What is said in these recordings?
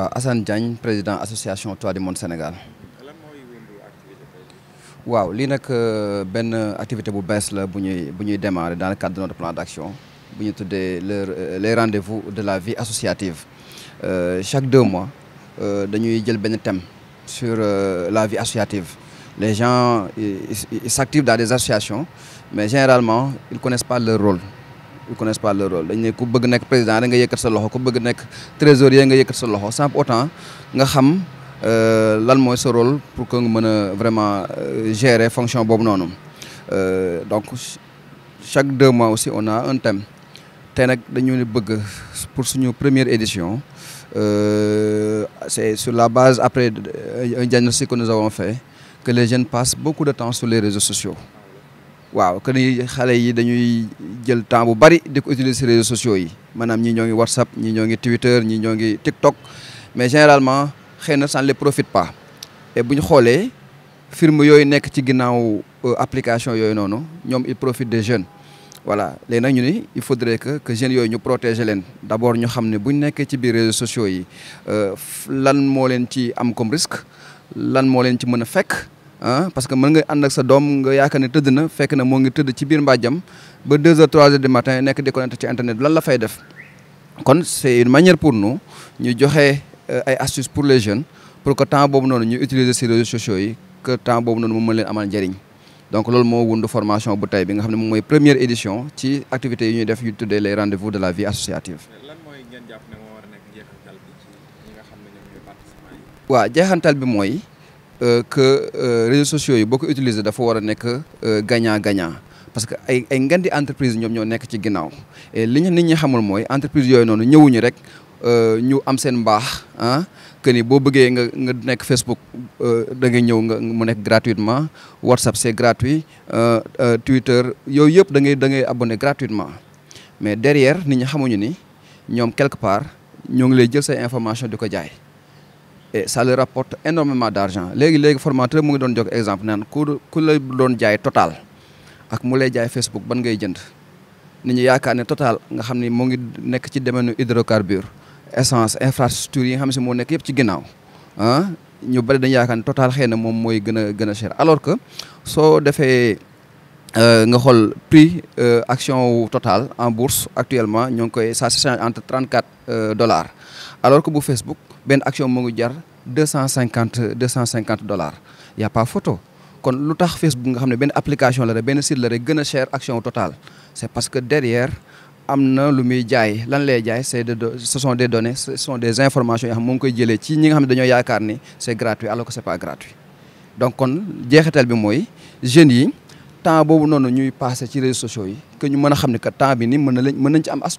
Euh, Assane Diagne président de l'association Toi du Monde Sénégal waaw est euh, que benn activité bu bees la bu démarrer dans le cadre de notre plan d'action bu ñu euh, les rendez-vous de la vie associative chaque deux mois nous avons un thème sur la vie associative les gens s'activent dans des associations mais généralement ils connaissent pas leur rôle ils connaissent pas leur rôle Ils ne sont bëgg président ils nga yëkkat sa loxo bëgg trésorier nga yëkkat sa loxo sans autant nga xam ce euh, rôle pour que nga vraiment euh, gérer fonction fonctions. Euh, donc chaque deux mois aussi on a un thème pour suñu première édition Euh, c'est sur la base, après un diagnostic que nous avons fait, que les jeunes passent beaucoup de temps sur les réseaux sociaux waaw que ni xale yi dañuy jël temps bu bari di ko les réseaux sociaux yi maanaam ñii ñoo WhatsApp ñi ñoo Twitter ñi ñoo TikTok mais généralement xéna na ça ne les profite pas et buñ xolé firme yooyu nek ci ginnaaw euh, application yooyu noonu ñom il profite des jeunes. voilà Les nag ñu ni il faudrait que que jeunes yooyu ñu protéger leen D'abord ñu xamné ne bu ci biir réseaux sociaux yi euh, lan mo leen ci am comme risque lan mo leen ci mëna fekk. ah parce que mën nga ànd ak sa doom nga yaakaar ne tëdd na fekk na moo ngi tëdd ci biir mbàjjam ba deux heures trois heures du matin nekk di connecté ci internet lan la fay def kon c'est une manière pour nous ñu joxe euh, ay astuces pour les jeunes pour que temps boobu noonu ñu utiliser ces réseaux sociaux yi que temps boobu noonu mu mën leen amal njëriñ donc loolu moo wund formation bu tey bi nga xam ne moom mooy première édition ci activités yi ñuy def yu tuddee les de la vie associative. lan mooy ngeen jàpp ne moo mooy. Euh, que euh, réseaux sociaux yi boo ko utiliser dafa war a euh, gagnant gagnant parce que ay ay ngan entreprise ñom ñoo nekk ci ginnaw et li ñu nit ñi xamul moy entreprise yoy nonu ñewuñu rek ñu am seen mbaax ah que ni bo bëggee nga nga nekk Facebook da nga ñew nga mu nekk gratuitement WhatsApp c'est gratuit Twitter yoy yëpp da ngay da ngay abonné gratuitement mais derrière nit ñi xamuñu ni ñom quelque part ñoo ngi lay jël say information diko jaay. et ça leur rapporte énormément d'argent léegi léegi formateur mu ngi doon jox exemple naan ku ku la doon jaay total ak mu lay jaay Facebook ban ngay jënd ni ñu yaakaar ne total nga xam ni moo ngi nekk ci domaine hydrocarbure essence infrastructure yi nga xam si moo nekk yëpp ci ginnaaw ah ñu bari dañu yaakaar ne total xëy na moom mooy gën a gën a cher alors que soo defee euh, nga xool prix euh, action wu total en bourse actuellement ñoo ngi koy sa se change entre trente quatre euh, dollars alors que bu Facebook. benn action mu ngi jar deux cent cinquante deux cent cinquante dollars y' a pas photo kon lu tax Facebook nga xam ne benn application la rek benn site la rek gën a cher action totale c' est parce que derrière am na lu muy jaay lan lay jaay c' est de ce sont des données ce sont des informations yoo xam mu ngi koy jëlee ci ñi nga xam ne dañoo yaakaar ni c' est gratuit alors que c' pas gratuit donc kon jeexital bi mooy jeunes yi temps boobu noonu ñuy passé ci a xam ne que temps bi ni na lañ mën nañ ci am as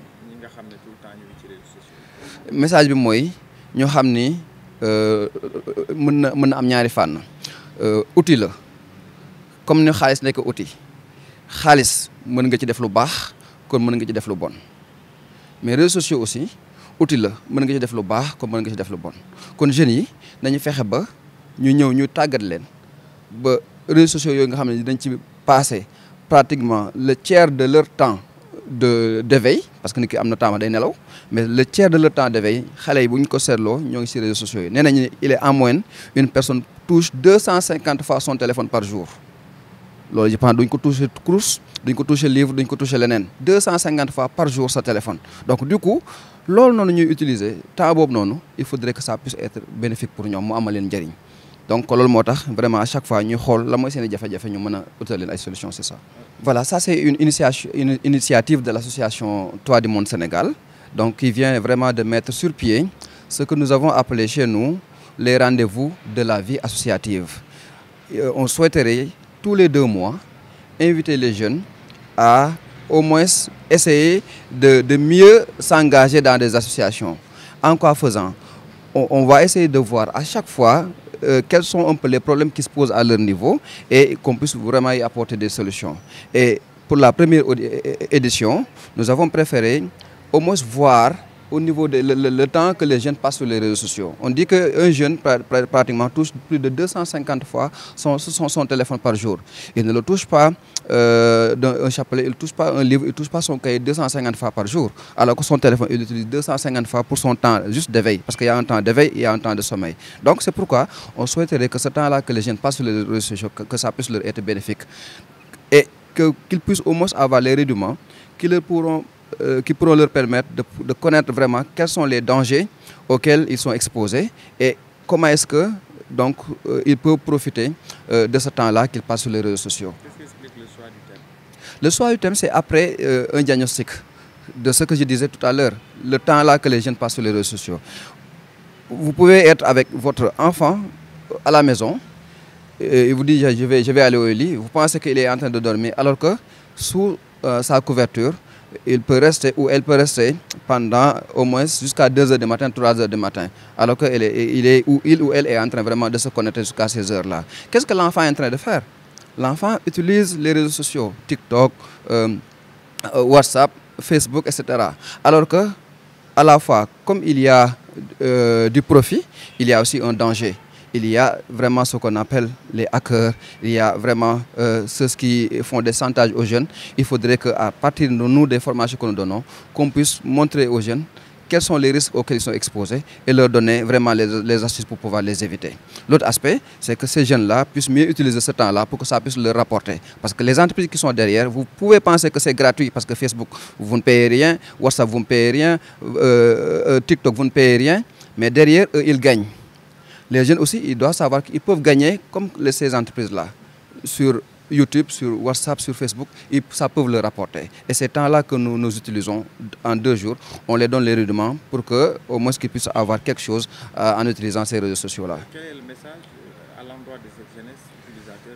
xam ne message bi mooy ñoo xam ni euh, mën na mën na am ñaari fànn euh, outil la comme ni xaalis nekk outil xaalis mën nga ci def lu baax kon mën nga ci def lu bon mais réseaux sociaux aussi la mën nga ci def lu baax kon mën nga ci def lu bon kon jeunes yi nañu fexe ba ñu ñëw ñu tàggat leen ba réseaux sociaux yooyu nga xam ne dañ ci passé pratiquement le tiers de leur temps de veille parce que nous avons temps day nelaw mais le tiers de le temps d'éveil xale yi ko seetloo ñoo ci réseaux sociaux il est en moyenne une personne touche 250 fois son téléphone par jour loolu je pense duñ ko toucher course duñ ko toucher livre duñ ko toucher leneen 250 fois par jour sa téléphone donc du coup loolu noonu ñuy utiliser il faudrait que ça puisse être bénéfique pour nous mu amaleen donc vraiment à chaque fois nous avons la c'est ça. voilà ça c'est une initiative de l'association Toi du Monde Sénégal donc qui vient vraiment de mettre sur pied ce que nous avons appelé chez nous les rendez-vous de la vie associative. Euh, on souhaiterait tous les deux mois inviter les jeunes à au moins essayer de, mieux s'engager dans des associations. En quoi faisant on va essayer de voir à chaque fois euh, quels sont un peu les problèmes qui se posent à leur niveau et qu'on puisse vraiment y apporter des solutions. Et pour la première édition, nous avons préféré au moins voir au niveau de le, temps que les jeunes passent sur les réseaux sociaux. On dit qu'un jeune pratiquement touche plus de 250 fois son, son, téléphone par jour. Il ne le touche pas euh, un chapelet, il ne touche pas un livre, il ne touche pas son cahier 250 fois par jour. Alors que son téléphone, il l'utilise 250 fois pour son temps juste d'éveil. Parce qu'il y a un temps d'éveil et un temps de sommeil. Donc c'est pourquoi on souhaiterait que ce temps-là que les jeunes passent sur les réseaux sociaux, que, ça puisse leur être bénéfique. Et qu'ils puissent au moins avoir les rudiments qu'ils pourront euh, qui pourront leur permettre de, connaître vraiment quels sont les dangers auxquels ils sont exposés et comment est-ce que donc euh, ils peuvent profiter euh, de ce temps-là qu'ils passent sur les réseaux sociaux. Qu'est-ce le soir du thème Le c'est après un diagnostic de ce que je disais tout à l'heure, le temps-là que les jeunes passent sur les réseaux sociaux. Vous pouvez être avec votre enfant à la maison, et il vous dit je vais, je vais aller au lit, vous pensez qu'il est en train de dormir, alors que sous sa couverture, il peut rester ou elle peut rester pendant au moins jusqu'à 2 h du matin, 3 h du matin, alors qu'il il ou elle est en train vraiment de se connecter jusqu'à ces heures-là. Qu'est-ce que l'enfant est en train de faire L'enfant utilise les réseaux sociaux, TikTok, euh, euh, WhatsApp, Facebook, etc. Alors que, à la fois, comme il y a euh, du profit, il y a aussi un danger il y a vraiment ce qu'on appelle les hackers, il y a vraiment euh, ceux qui font des chantages aux jeunes. Il faudrait à partir de nous, des formations que nous donnons, qu'on puisse montrer aux jeunes quels sont les risques auxquels ils sont exposés et leur donner vraiment les, astuces pour pouvoir les éviter. L'autre aspect, c'est que ces jeunes-là puissent mieux utiliser ce temps-là pour que ça puisse leur rapporter. Parce que les entreprises qui sont derrière, vous pouvez penser que c'est gratuit parce que Facebook, vous ne payez rien, WhatsApp, vous ne payez rien, euh, euh, TikTok, vous ne payez rien, mais derrière, eux, ils gagnent les jeunes aussi, ils doivent savoir qu'ils peuvent gagner comme ces entreprises-là. Sur YouTube, sur WhatsApp, sur Facebook, ils, ça peut le rapporter. Et c'est temps-là que nous, nous utilisons en deux jours, on les donne les rudiments pour qu'au moins qu'ils puissent avoir quelque chose euh, en utilisant ces réseaux sociaux-là. Quel est le message euh, à l'endroit de cette jeunesse utilisateur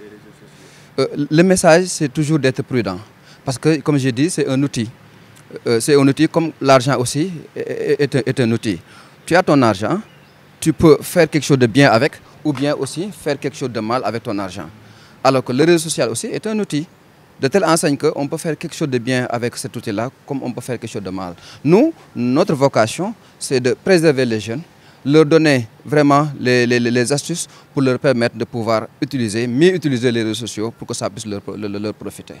des, réseaux sociaux euh, Le message, c'est toujours d'être prudent. Parce que, comme j'ai dit, c'est un outil. c'est un outil comme l'argent aussi est un outil. Tu as ton argent, tu peux faire quelque chose de bien avec ou bien aussi faire quelque chose de mal avec ton argent. Alors que le réseau social aussi est un outil de telle enseigne qu'on peut faire quelque chose de bien avec cet outil-là, comme on peut faire quelque chose de mal. Nous, notre vocation, c'est de préserver les jeunes, leur donner vraiment les, astuces pour leur permettre de pouvoir utiliser, mieux utiliser les réseaux sociaux pour que ça puisse leur profiter.